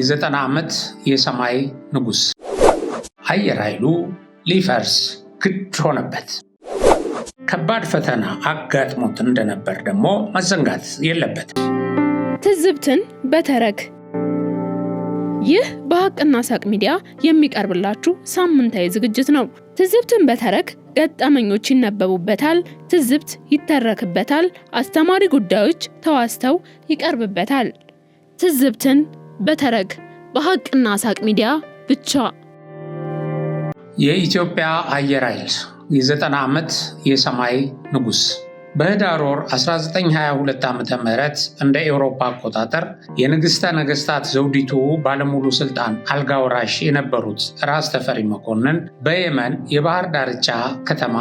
የዘጠና ዓመት የሰማይ ንጉሥ አየር ኃይሉ ሊፈርስ ግድ ሆነበት። ከባድ ፈተና አጋጥሞት እንደነበር ደግሞ መዘንጋት የለበትም። ትዝብትን በተረክ ይህ በሀቅና ሳቅ ሚዲያ የሚቀርብላችሁ ሳምንታዊ ዝግጅት ነው። ትዝብትን በተረክ ገጠመኞች ይነበቡበታል፣ ትዝብት ይተረክበታል፣ አስተማሪ ጉዳዮች ተዋስተው ይቀርብበታል። ትዝብትን በተረግ በሀቅና ሳቅ ሚዲያ ብቻ። የኢትዮጵያ አየር ኃይል የዘጠና ዓመት የሰማይ ንጉሥ በህዳር ወር 1922 ዓ ም እንደ ኤውሮፓ አቆጣጠር የንግሥተ ነገሥታት ዘውዲቱ ባለሙሉ ሥልጣን አልጋ ወራሽ የነበሩት ራስ ተፈሪ መኮንን በየመን የባህር ዳርቻ ከተማ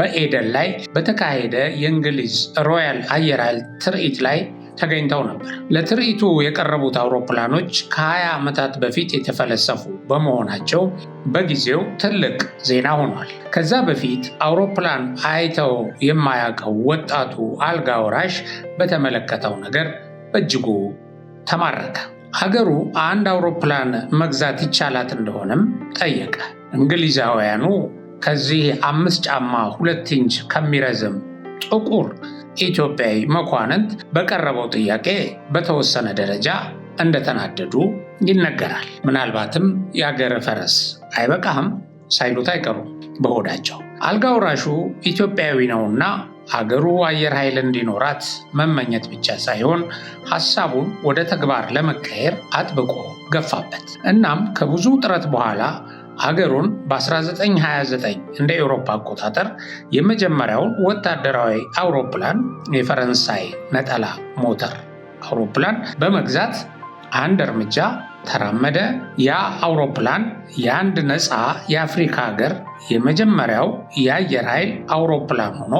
በኤደን ላይ በተካሄደ የእንግሊዝ ሮያል አየር ኃይል ትርኢት ላይ ተገኝተው ነበር። ለትርኢቱ የቀረቡት አውሮፕላኖች ከ20 ዓመታት በፊት የተፈለሰፉ በመሆናቸው በጊዜው ትልቅ ዜና ሆኗል። ከዛ በፊት አውሮፕላን አይተው የማያውቀው ወጣቱ አልጋ ወራሽ በተመለከተው ነገር በእጅጉ ተማረከ። ሀገሩ አንድ አውሮፕላን መግዛት ይቻላት እንደሆነም ጠየቀ። እንግሊዛውያኑ ከዚህ አምስት ጫማ ሁለት ኢንች ከሚረዝም ጥቁር ኢትዮጵያዊ መኳንንት በቀረበው ጥያቄ በተወሰነ ደረጃ እንደተናደዱ ይነገራል። ምናልባትም የአገረ ፈረስ አይበቃህም ሳይሉት አይቀሩም በሆዳቸው። አልጋ ወራሹ ኢትዮጵያዊ ነውና አገሩ አየር ኃይል እንዲኖራት መመኘት ብቻ ሳይሆን ሐሳቡን ወደ ተግባር ለመቀየር አጥብቆ ገፋበት። እናም ከብዙ ጥረት በኋላ ሀገሩን በ1929 እንደ ኤውሮፓ አቆጣጠር የመጀመሪያውን ወታደራዊ አውሮፕላን የፈረንሳይ ነጠላ ሞተር አውሮፕላን በመግዛት አንድ እርምጃ ተራመደ። ያ አውሮፕላን የአንድ ነፃ የአፍሪካ ሀገር የመጀመሪያው የአየር ኃይል አውሮፕላን ሆኖ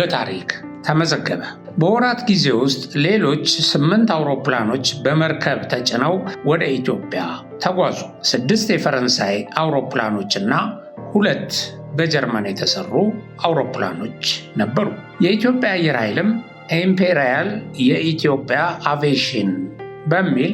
በታሪክ ተመዘገበ። በወራት ጊዜ ውስጥ ሌሎች ስምንት አውሮፕላኖች በመርከብ ተጭነው ወደ ኢትዮጵያ ተጓዙ። ስድስት የፈረንሳይ አውሮፕላኖችና ሁለት በጀርመን የተሰሩ አውሮፕላኖች ነበሩ። የኢትዮጵያ አየር ኃይልም ኢምፔሪያል የኢትዮጵያ አቬሽን በሚል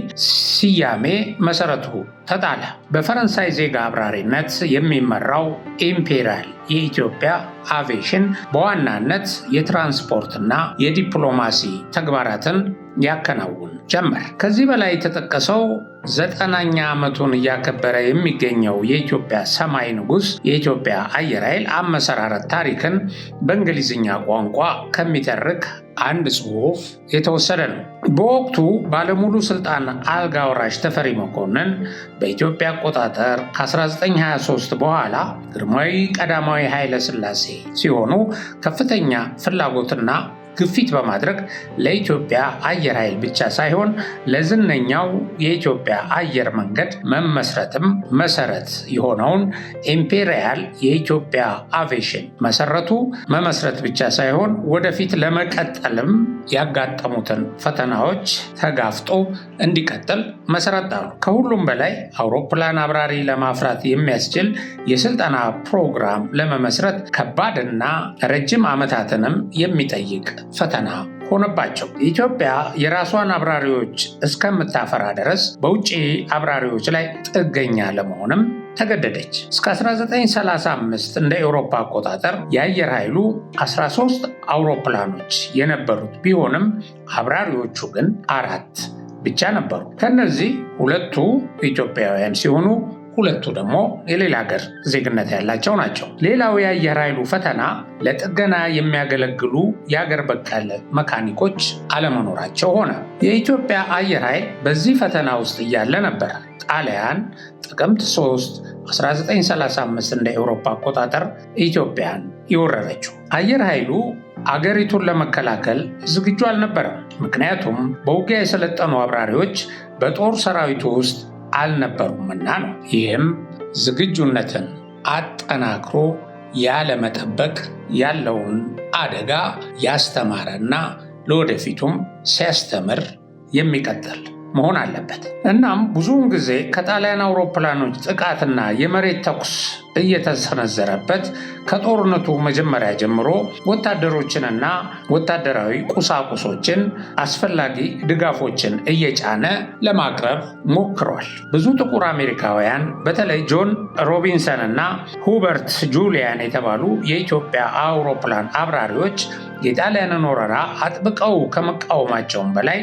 ስያሜ መሰረቱ ተጣለ። በፈረንሳይ ዜጋ አብራሪነት የሚመራው ኢምፔሪያል የኢትዮጵያ አቬሽን በዋናነት የትራንስፖርትና የዲፕሎማሲ ተግባራትን ያከናውን ጀመር። ከዚህ በላይ የተጠቀሰው ዘጠናኛ ዓመቱን እያከበረ የሚገኘው የኢትዮጵያ ሰማይ ንጉሥ የኢትዮጵያ አየር ኃይል አመሰራረት ታሪክን በእንግሊዝኛ ቋንቋ ከሚተርክ አንድ ጽሑፍ የተወሰደ ነው። በወቅቱ ባለሙሉ ስልጣን አልጋ ወራሽ ተፈሪ መኮንን በኢትዮጵያ አቆጣጠር ከ1923 በኋላ ግርማዊ ቀዳማዊ ኃይለ ሥላሴ ሲሆኑ ከፍተኛ ፍላጎትና ግፊት በማድረግ ለኢትዮጵያ አየር ኃይል ብቻ ሳይሆን ለዝነኛው የኢትዮጵያ አየር መንገድ መመስረትም መሰረት የሆነውን ኢምፔሪያል የኢትዮጵያ አቬሽን መሰረቱ መመስረት ብቻ ሳይሆን ወደፊት ለመቀጠልም ያጋጠሙትን ፈተናዎች ተጋፍጦ እንዲቀጥል መሰረት ጣሉ። ከሁሉም በላይ አውሮፕላን አብራሪ ለማፍራት የሚያስችል የስልጠና ፕሮግራም ለመመስረት ከባድና ረጅም ዓመታትንም የሚጠይቅ ፈተና ሆነባቸው። ኢትዮጵያ የራሷን አብራሪዎች እስከምታፈራ ድረስ በውጭ አብራሪዎች ላይ ጥገኛ ለመሆንም ተገደደች። እስከ 1935 እንደ ኤውሮፓ አቆጣጠር የአየር ኃይሉ 13 አውሮፕላኖች የነበሩት ቢሆንም አብራሪዎቹ ግን አራት ብቻ ነበሩ። ከነዚህ ሁለቱ ኢትዮጵያውያን ሲሆኑ ሁለቱ ደግሞ የሌላ ሀገር ዜግነት ያላቸው ናቸው። ሌላው የአየር ኃይሉ ፈተና ለጥገና የሚያገለግሉ የአገር በቀል መካኒኮች አለመኖራቸው ሆነ። የኢትዮጵያ አየር ኃይል በዚህ ፈተና ውስጥ እያለ ነበር ጣሊያን ጥቅምት 3 1935 እንደ ኤውሮፓ አቆጣጠር ኢትዮጵያን የወረረችው። አየር ኃይሉ አገሪቱን ለመከላከል ዝግጁ አልነበረም። ምክንያቱም በውጊያ የሰለጠኑ አብራሪዎች በጦር ሰራዊቱ ውስጥ አልነበሩምና ነው። ይህም ዝግጁነትን አጠናክሮ ያለመጠበቅ ያለውን አደጋ ያስተማረና ለወደፊቱም ሲያስተምር የሚቀጥል መሆን አለበት። እናም ብዙውን ጊዜ ከጣሊያን አውሮፕላኖች ጥቃትና የመሬት ተኩስ እየተሰነዘረበት ከጦርነቱ መጀመሪያ ጀምሮ ወታደሮችንና ወታደራዊ ቁሳቁሶችን አስፈላጊ ድጋፎችን እየጫነ ለማቅረብ ሞክሯል። ብዙ ጥቁር አሜሪካውያን በተለይ ጆን ሮቢንሰን እና ሁበርት ጁሊያን የተባሉ የኢትዮጵያ አውሮፕላን አብራሪዎች የጣሊያንን ወረራ አጥብቀው ከመቃወማቸውም በላይ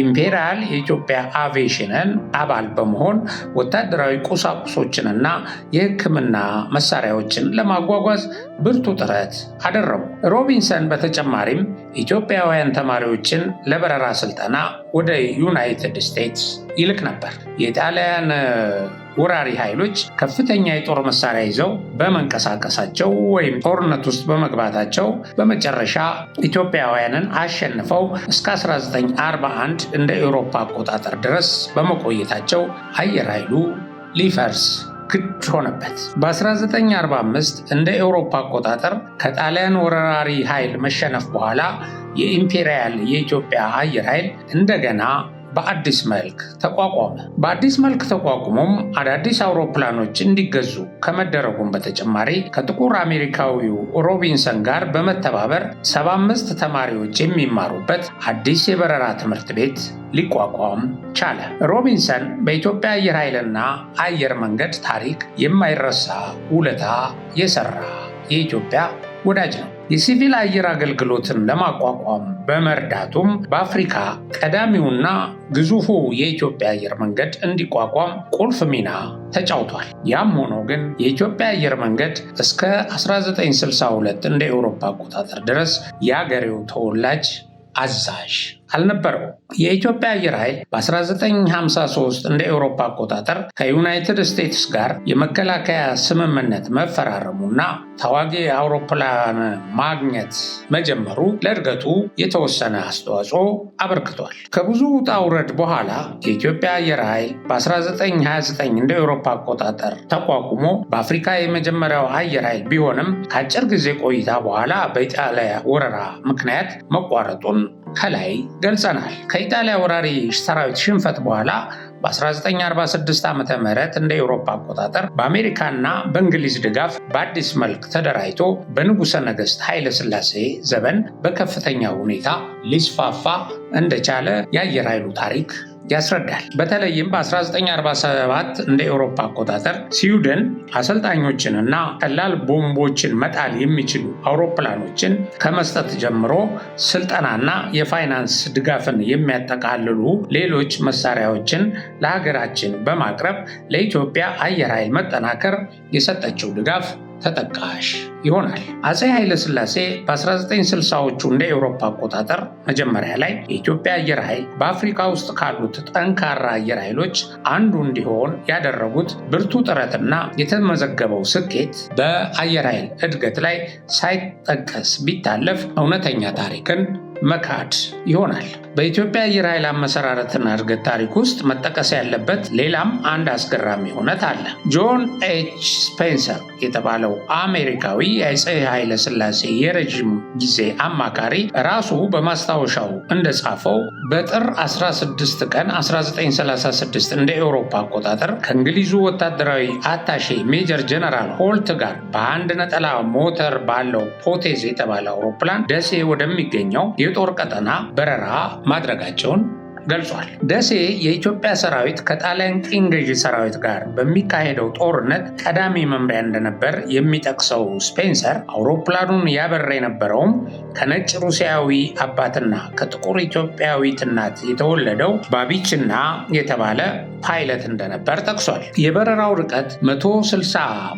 ኢምፔሪያል የኢትዮጵያ አቪዬሽንን አባል በመሆን ወታደራዊ ቁሳቁሶችንና የሕክምና መሳሪያዎችን ለማጓጓዝ ብርቱ ጥረት አደረጉ። ሮቢንሰን በተጨማሪም ኢትዮጵያውያን ተማሪዎችን ለበረራ ስልጠና ወደ ዩናይትድ ስቴትስ ይልክ ነበር። የጣሊያን ወራሪ ኃይሎች ከፍተኛ የጦር መሳሪያ ይዘው በመንቀሳቀሳቸው ወይም ጦርነት ውስጥ በመግባታቸው በመጨረሻ ኢትዮጵያውያንን አሸንፈው እስከ 1941 እንደ ኤውሮፓ አቆጣጠር ድረስ በመቆየታቸው አየር ኃይሉ ሊፈርስ ግድ ሆነበት። በ1945 እንደ ኤውሮፓ አቆጣጠር ከጣሊያን ወረራሪ ኃይል መሸነፍ በኋላ የኢምፔሪያል የኢትዮጵያ አየር ኃይል እንደገና በአዲስ መልክ ተቋቋመ። በአዲስ መልክ ተቋቁሞም አዳዲስ አውሮፕላኖች እንዲገዙ ከመደረጉም በተጨማሪ ከጥቁር አሜሪካዊው ሮቢንሰን ጋር በመተባበር 75 ተማሪዎች የሚማሩበት አዲስ የበረራ ትምህርት ቤት ሊቋቋም ቻለ። ሮቢንሰን በኢትዮጵያ አየር ኃይልና አየር መንገድ ታሪክ የማይረሳ ውለታ የሰራ የኢትዮጵያ ወዳጅ ነው። የሲቪል አየር አገልግሎትን ለማቋቋም በመርዳቱም በአፍሪካ ቀዳሚውና ግዙፉ የኢትዮጵያ አየር መንገድ እንዲቋቋም ቁልፍ ሚና ተጫውቷል። ያም ሆኖ ግን የኢትዮጵያ አየር መንገድ እስከ 1962 እንደ ኤውሮፓ አቆጣጠር ድረስ የአገሬው ተወላጅ አዛዥ አልነበረው። የኢትዮጵያ አየር ኃይል በ1953 እንደ ኤውሮፓ አቆጣጠር ከዩናይትድ ስቴትስ ጋር የመከላከያ ስምምነት መፈራረሙና ተዋጊ አውሮፕላን ማግኘት መጀመሩ ለእድገቱ የተወሰነ አስተዋጽኦ አበርክቷል። ከብዙ ውጣ ውረድ በኋላ የኢትዮጵያ አየር ኃይል በ1929 እንደ ኤውሮፓ አቆጣጠር ተቋቁሞ በአፍሪካ የመጀመሪያው አየር ኃይል ቢሆንም ከአጭር ጊዜ ቆይታ በኋላ በኢጣሊያ ወረራ ምክንያት መቋረጡን ከላይ ገልጸናል። ከኢጣሊያ ወራሪ ሰራዊት ሽንፈት በኋላ በ1946 ዓ ም እንደ ኤውሮፓ አቆጣጠር በአሜሪካና በእንግሊዝ ድጋፍ በአዲስ መልክ ተደራጅቶ በንጉሠ ነገሥት ኃይለ ሥላሴ ዘመን በከፍተኛ ሁኔታ ሊስፋፋ እንደቻለ የአየር ኃይሉ ታሪክ ያስረዳል። በተለይም በ1947 እንደ ኤውሮፓ አቆጣጠር ስዊድን አሰልጣኞችንና ቀላል ቦምቦችን መጣል የሚችሉ አውሮፕላኖችን ከመስጠት ጀምሮ ስልጠናና የፋይናንስ ድጋፍን የሚያጠቃልሉ ሌሎች መሳሪያዎችን ለሀገራችን በማቅረብ ለኢትዮጵያ አየር ኃይል መጠናከር የሰጠችው ድጋፍ ተጠቃሽ ይሆናል። ኃይለ ኃይለሥላሴ በ1960ዎቹ እንደ ኤውሮፓ አቆጣጠር መጀመሪያ ላይ የኢትዮጵያ አየር ኃይል በአፍሪካ ውስጥ ካሉት ጠንካራ አየር ኃይሎች አንዱ እንዲሆን ያደረጉት ብርቱ ጥረትና የተመዘገበው ስኬት በአየር ኃይል እድገት ላይ ሳይጠቀስ ቢታለፍ እውነተኛ ታሪክን መካድ ይሆናል። በኢትዮጵያ አየር ኃይል አመሰራረትና እድገት ታሪክ ውስጥ መጠቀስ ያለበት ሌላም አንድ አስገራሚ እውነት አለ። ጆን ኤች ስፔንሰር የተባለው አሜሪካዊ የአፄ ኃይለ ሥላሴ የረዥም ጊዜ አማካሪ ራሱ በማስታወሻው እንደጻፈው በጥር 16 ቀን 1936 እንደ ኤውሮፓ አቆጣጠር ከእንግሊዙ ወታደራዊ አታሼ ሜጀር ጀነራል ሆልት ጋር በአንድ ነጠላ ሞተር ባለው ፖቴዝ የተባለ አውሮፕላን ደሴ ወደሚገኘው የጦር ቀጠና በረራ ማድረጋቸውን ገልጿል። ደሴ የኢትዮጵያ ሰራዊት ከጣሊያን ቅኝ ገዢ ሰራዊት ጋር በሚካሄደው ጦርነት ቀዳሚ መምሪያ እንደነበር የሚጠቅሰው ስፔንሰር አውሮፕላኑን ያበረ የነበረውም ከነጭ ሩሲያዊ አባትና ከጥቁር ኢትዮጵያዊት እናት የተወለደው ባቢችና የተባለ ፓይለት እንደነበር ጠቅሷል። የበረራው ርቀት 160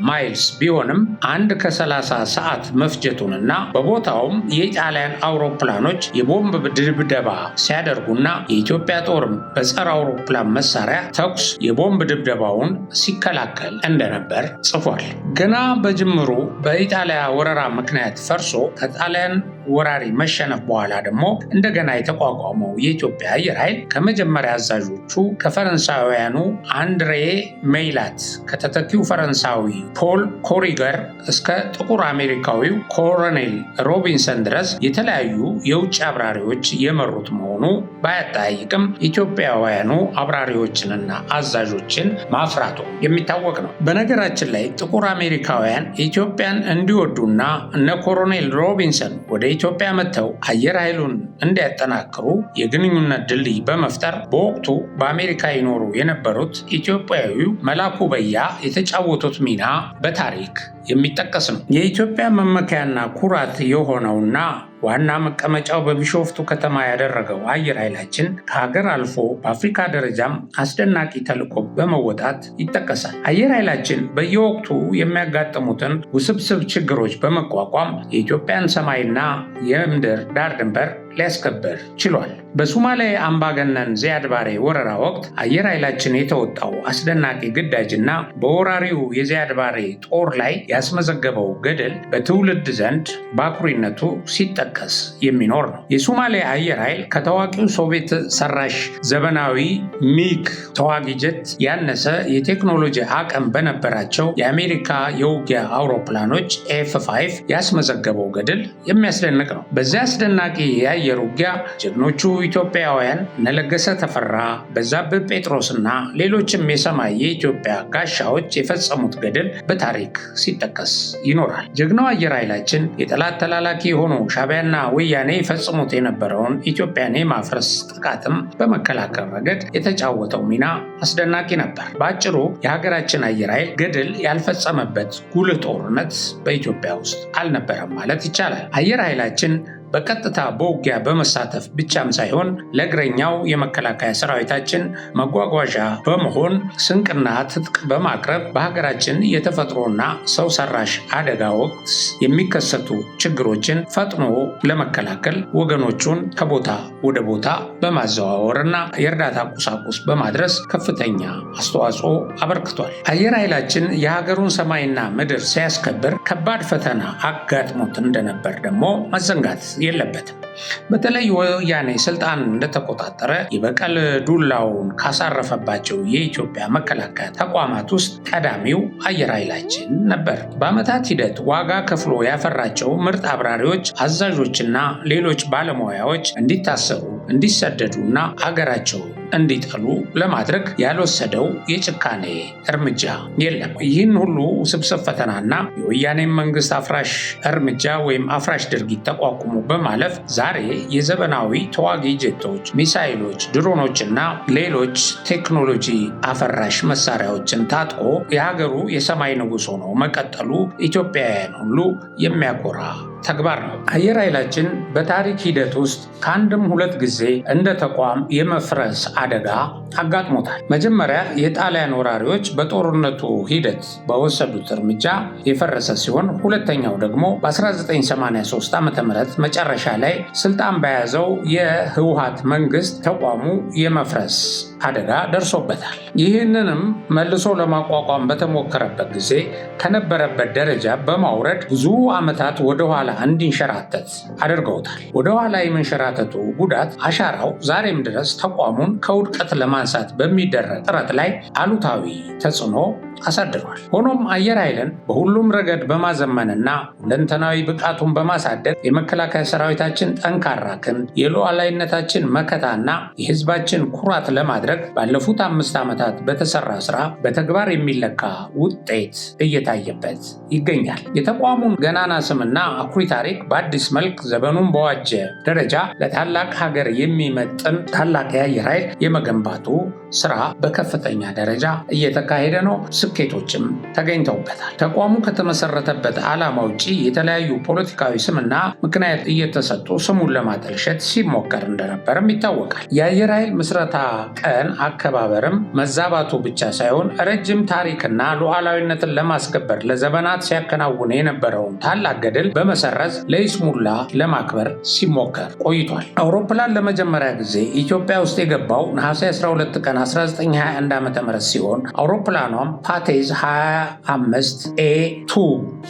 ማይልስ ቢሆንም አንድ ከ30 ሰዓት መፍጀቱንና በቦታውም የጣሊያን አውሮፕላኖች የቦምብ ድብደባ ሲያደርጉና የኢትዮ የኢትዮጵያ ጦርም በጸረ አውሮፕላን መሳሪያ ተኩስ የቦምብ ድብደባውን ሲከላከል እንደነበር ጽፏል። ገና በጅምሩ በኢጣሊያ ወረራ ምክንያት ፈርሶ ከጣሊያን ወራሪ መሸነፍ በኋላ ደግሞ እንደገና የተቋቋመው የኢትዮጵያ አየር ኃይል ከመጀመሪያ አዛዦቹ ከፈረንሳውያኑ አንድሬ ሜይላት ከተተኪው ፈረንሳዊ ፖል ኮሪገር እስከ ጥቁር አሜሪካዊው ኮሎኔል ሮቢንሰን ድረስ የተለያዩ የውጭ አብራሪዎች የመሩት መሆኑ ባያጠያይቅም ጥቅም ኢትዮጵያውያኑ አብራሪዎችንና አዛዦችን ማፍራቱ የሚታወቅ ነው። በነገራችን ላይ ጥቁር አሜሪካውያን ኢትዮጵያን እንዲወዱና እነ ኮሎኔል ሮቢንሰን ወደ ኢትዮጵያ መጥተው አየር ኃይሉን እንዲያጠናክሩ የግንኙነት ድልድይ በመፍጠር በወቅቱ በአሜሪካ ይኖሩ የነበሩት ኢትዮጵያዊው መላኩ በያ የተጫወቱት ሚና በታሪክ የሚጠቀስ ነው። የኢትዮጵያ መመኪያና ኩራት የሆነውና ዋና መቀመጫው በቢሾፍቱ ከተማ ያደረገው አየር ኃይላችን ከሀገር አልፎ በአፍሪካ ደረጃም አስደናቂ ተልዕኮ በመወጣት ይጠቀሳል። አየር ኃይላችን በየወቅቱ የሚያጋጥሙትን ውስብስብ ችግሮች በመቋቋም የኢትዮጵያን ሰማይና የምድር ዳር ድንበር ሊያስከበር ችሏል። በሱማሌ አምባገነን ዚያድ ባሬ ወረራ ወቅት አየር ኃይላችን የተወጣው አስደናቂ ግዳጅና በወራሪው የዚያድ ባሬ ጦር ላይ ያስመዘገበው ገድል በትውልድ ዘንድ በአኩሪነቱ ሲጠቀስ የሚኖር ነው። የሱማሌ አየር ኃይል ከታዋቂው ሶቪየት ሰራሽ ዘመናዊ ሚግ ተዋጊ ጀት ያነሰ የቴክኖሎጂ አቅም በነበራቸው የአሜሪካ የውጊያ አውሮፕላኖች ኤፍ ፋይቭ ያስመዘገበው ገድል የሚያስደንቅ ነው። በዚያ አስደናቂ የአየር ውጊያ ጀግኖቹ ኢትዮጵያውያን እነለገሰ ተፈራ፣ በዛብህ ጴጥሮስና ሌሎችም የሰማይ የኢትዮጵያ ጋሻዎች የፈጸሙት ገድል በታሪክ ሲጠቀስ ይኖራል። ጀግናው አየር ኃይላችን የጠላት ተላላኪ የሆኑ ሻቢያና ወያኔ ፈጽሙት የነበረውን ኢትዮጵያን የማፍረስ ጥቃትም በመከላከል ረገድ የተጫወተው ሚና አስደናቂ ነበር። በአጭሩ የሀገራችን አየር ኃይል ገድል ያልፈጸመበት ጉልህ ጦርነት በኢትዮጵያ ውስጥ አልነበረም ማለት ይቻላል። አየር ኃይላችን በቀጥታ በውጊያ በመሳተፍ ብቻም ሳይሆን ለእግረኛው የመከላከያ ሰራዊታችን መጓጓዣ በመሆን ስንቅና ትጥቅ በማቅረብ በሀገራችን የተፈጥሮና ሰው ሰራሽ አደጋ ወቅት የሚከሰቱ ችግሮችን ፈጥኖ ለመከላከል ወገኖቹን ከቦታ ወደ ቦታ በማዘዋወርና የእርዳታ ቁሳቁስ በማድረስ ከፍተኛ አስተዋጽኦ አበርክቷል። አየር ኃይላችን የሀገሩን ሰማይና ምድር ሲያስከብር ከባድ ፈተና አጋጥሞት እንደነበር ደግሞ መዘንጋት የለበትም። በተለይ ወያኔ ስልጣን እንደተቆጣጠረ የበቀል ዱላውን ካሳረፈባቸው የኢትዮጵያ መከላከያ ተቋማት ውስጥ ቀዳሚው አየር ኃይላችን ነበር። በዓመታት ሂደት ዋጋ ከፍሎ ያፈራቸው ምርጥ አብራሪዎች፣ አዛዦችና ሌሎች ባለሙያዎች እንዲታሰሩ፣ እንዲሰደዱና አገራቸው እንዲጠሉ ለማድረግ ያልወሰደው የጭካኔ እርምጃ የለም። ይህን ሁሉ ውስብስብ ፈተናና የወያኔ መንግስት አፍራሽ እርምጃ ወይም አፍራሽ ድርጊት ተቋቁሞ በማለፍ ዛሬ የዘመናዊ ተዋጊ ጀቶች፣ ሚሳይሎች፣ ድሮኖችና ሌሎች ቴክኖሎጂ አፈራሽ መሳሪያዎችን ታጥቆ የሀገሩ የሰማይ ንጉሥ ሆኖ መቀጠሉ ኢትዮጵያውያን ሁሉ የሚያኮራ ተግባር ነው። አየር ኃይላችን በታሪክ ሂደት ውስጥ ከአንድም ሁለት ጊዜ እንደ ተቋም የመፍረስ አደጋ አጋጥሞታል። መጀመሪያ የጣሊያን ወራሪዎች በጦርነቱ ሂደት በወሰዱት እርምጃ የፈረሰ ሲሆን ሁለተኛው ደግሞ በ1983 ዓ ም መጨረሻ ላይ ስልጣን በያዘው የህወሀት መንግስት ተቋሙ የመፍረስ አደጋ ደርሶበታል። ይህንንም መልሶ ለማቋቋም በተሞከረበት ጊዜ ከነበረበት ደረጃ በማውረድ ብዙ ዓመታት ወደኋላ እንዲንሸራተት አድርገውታል። ወደኋላ የመንሸራተቱ ጉዳት አሻራው ዛሬም ድረስ ተቋሙን ከውድቀት ለማንሳት በሚደረግ ጥረት ላይ አሉታዊ ተጽዕኖ አሳድሯል። ሆኖም አየር ኃይልን በሁሉም ረገድ በማዘመንና ሁለንተናዊ ብቃቱን በማሳደግ የመከላከያ ሰራዊታችን ጠንካራ ክንድ፣ የሉዓላዊነታችን መከታና የህዝባችን ኩራት ለማድረግ ባለፉት አምስት ዓመታት በተሰራ ስራ በተግባር የሚለካ ውጤት እየታየበት ይገኛል። የተቋሙን ገናና ስምና አኩሪ ታሪክ በአዲስ መልክ ዘመኑን በዋጀ ደረጃ ለታላቅ ሀገር የሚመጥን ታላቅ የአየር ኃይል የመገንባቱ ስራ በከፍተኛ ደረጃ እየተካሄደ ነው። ስኬቶችም ተገኝተውበታል። ተቋሙ ከተመሰረተበት ዓላማ ውጪ የተለያዩ ፖለቲካዊ ስምና ምክንያት እየተሰጡ ስሙን ለማጠልሸት ሲሞከር እንደነበርም ይታወቃል። የአየር ኃይል ምስረታ ቀን አከባበርም መዛባቱ ብቻ ሳይሆን ረጅም ታሪክና ሉዓላዊነትን ለማስከበር ለዘመናት ሲያከናውን የነበረውን ታላቅ ገድል በመሰረዝ ለይስሙላ ለማክበር ሲሞከር ቆይቷል። አውሮፕላን ለመጀመሪያ ጊዜ ኢትዮጵያ ውስጥ የገባው ነሐሴ 12 ቀን 1921 ዓ.ም ሲሆን አውሮፕላኗም ፓ አቴዝ 25 ኤ ቱ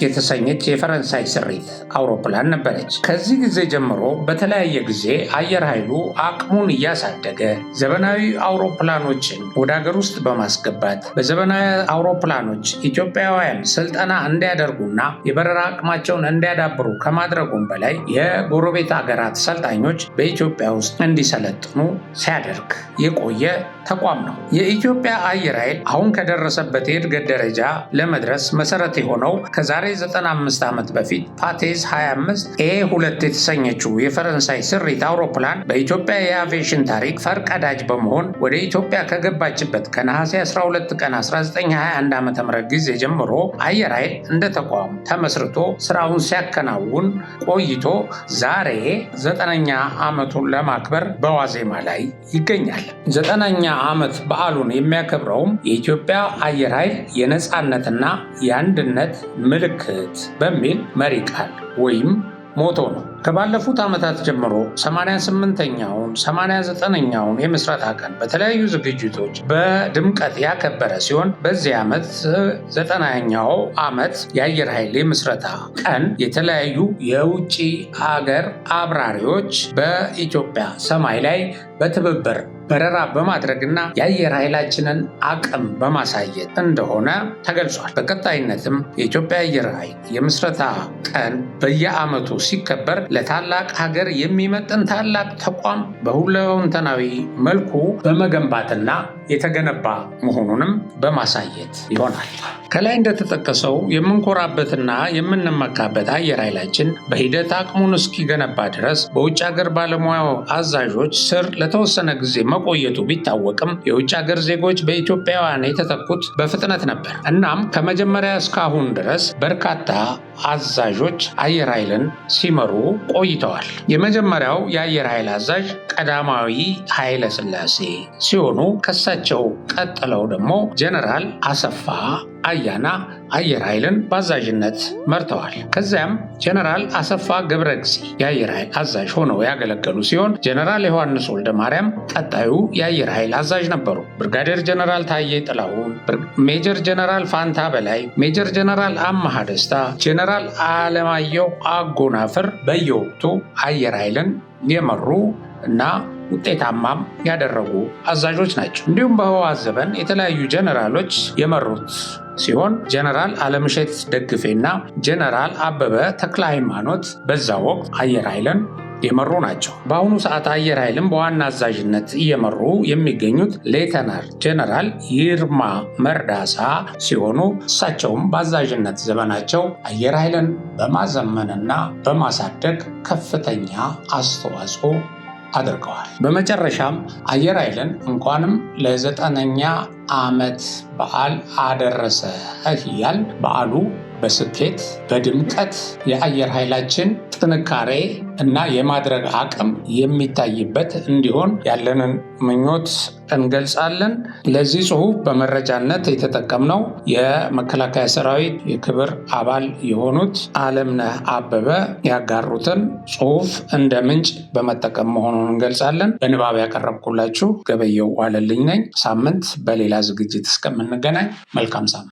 የተሰኘች የፈረንሳይ ስሪት አውሮፕላን ነበረች። ከዚህ ጊዜ ጀምሮ በተለያየ ጊዜ አየር ኃይሉ አቅሙን እያሳደገ ዘመናዊ አውሮፕላኖችን ወደ ሀገር ውስጥ በማስገባት በዘመናዊ አውሮፕላኖች ኢትዮጵያውያን ስልጠና እንዲያደርጉና የበረራ አቅማቸውን እንዲያዳብሩ ከማድረጉም በላይ የጎረቤት ሀገራት ሰልጣኞች በኢትዮጵያ ውስጥ እንዲሰለጥኑ ሲያደርግ የቆየ ተቋም ነው። የኢትዮጵያ አየር ኃይል አሁን ከደረሰበት የእድገት ደረጃ ለመድረስ መሰረት የሆነው ከዛሬ 95 ዓመት በፊት ፓቴዝ 25 ኤ 2 የተሰኘችው የፈረንሳይ ስሪት አውሮፕላን በኢትዮጵያ የአቪዬሽን ታሪክ ፈርቀዳጅ በመሆን ወደ ኢትዮጵያ ከገባችበት ከነሐሴ 12 ቀን 1921 ዓ ም ጊዜ ጀምሮ አየር ኃይል እንደ ተቋም ተመስርቶ ስራውን ሲያከናውን ቆይቶ ዛሬ ዘጠነኛ ዓመቱን ለማክበር በዋዜማ ላይ ይገኛል። ዘጠነኛ ዓመት በዓሉን የሚያከብረውም የኢትዮጵያ አየር ኃይል የነፃነትና የአንድነት ምልክት በሚል መሪ ቃል ወይም ሞቶ ነው። ከባለፉት ዓመታት ጀምሮ 88ኛውን 89ኛውን የምስረታ ቀን በተለያዩ ዝግጅቶች በድምቀት ያከበረ ሲሆን በዚህ ዓመት 9 ኛው ዓመት የአየር ኃይል የምስረታ ቀን የተለያዩ የውጭ አገር አብራሪዎች በኢትዮጵያ ሰማይ ላይ በትብብር በረራ በማድረግና የአየር ኃይላችንን አቅም በማሳየት እንደሆነ ተገልጿል። በቀጣይነትም የኢትዮጵያ አየር ኃይል የምስረታ ቀን በየዓመቱ ሲከበር ለታላቅ ሀገር የሚመጥን ታላቅ ተቋም በሁለንተናዊ መልኩ በመገንባትና የተገነባ መሆኑንም በማሳየት ይሆናል። ከላይ እንደተጠቀሰው የምንኮራበትና የምንመካበት አየር ኃይላችን በሂደት አቅሙን እስኪገነባ ድረስ በውጭ ሀገር ባለሙያው አዛዦች ስር ለተወሰነ ጊዜ መቆየቱ ቢታወቅም የውጭ ሀገር ዜጎች በኢትዮጵያውያን የተተኩት በፍጥነት ነበር። እናም ከመጀመሪያ እስካሁን ድረስ በርካታ አዛዦች አየር ኃይልን ሲመሩ ቆይተዋል። የመጀመሪያው የአየር ኃይል አዛዥ ቀዳማዊ ኃይለ ሥላሴ ሲሆኑ ከሳቸው ቀጥለው ደግሞ ጀነራል አሰፋ አያና አየር ኃይልን በአዛዥነት መርተዋል። ከዚያም ጀነራል አሰፋ ገብረግዚ የአየር ኃይል አዛዥ ሆነው ያገለገሉ ሲሆን ጀነራል ዮሐንስ ወልደ ማርያም ቀጣዩ የአየር ኃይል አዛዥ ነበሩ። ብርጋዴር ጀነራል ታዬ ጥላሁን፣ ሜጀር ጀነራል ፋንታ በላይ፣ ሜጀር ጀነራል አማሃ ደስታ፣ ጀነራል አለማየሁ አጎናፍር በየወቅቱ አየር ኃይልን የመሩ እና ውጤታማም ያደረጉ አዛዦች ናቸው። እንዲሁም በህወሓት ዘመን የተለያዩ ጀነራሎች የመሩት ሲሆን ጀነራል አለምሸት ደግፌና ጀነራል አበበ ተክለ ሃይማኖት በዛ ወቅት አየር ኃይልን የመሩ ናቸው። በአሁኑ ሰዓት አየር ኃይልን በዋና አዛዥነት እየመሩ የሚገኙት ሌተናር ጀነራል ይርማ መርዳሳ ሲሆኑ እሳቸውም በአዛዥነት ዘመናቸው አየር ኃይልን በማዘመንና በማሳደግ ከፍተኛ አስተዋጽኦ አድርገዋል። በመጨረሻም አየር ኃይልን እንኳንም ለዘጠነኛ ዓመት በዓል አደረሰ እያል በዓሉ በስኬት በድምቀት የአየር ኃይላችን ጥንካሬ እና የማድረግ አቅም የሚታይበት እንዲሆን ያለንን ምኞት እንገልጻለን። ለዚህ ጽሑፍ በመረጃነት የተጠቀምነው የመከላከያ ሰራዊት የክብር አባል የሆኑት አለምነህ አበበ ያጋሩትን ጽሑፍ እንደ ምንጭ በመጠቀም መሆኑን እንገልጻለን። በንባብ ያቀረብኩላችሁ ገበየው ዋለልኝ ነኝ። ሳምንት በሌላ ዝግጅት እስከምንገናኝ መልካም ሳምንት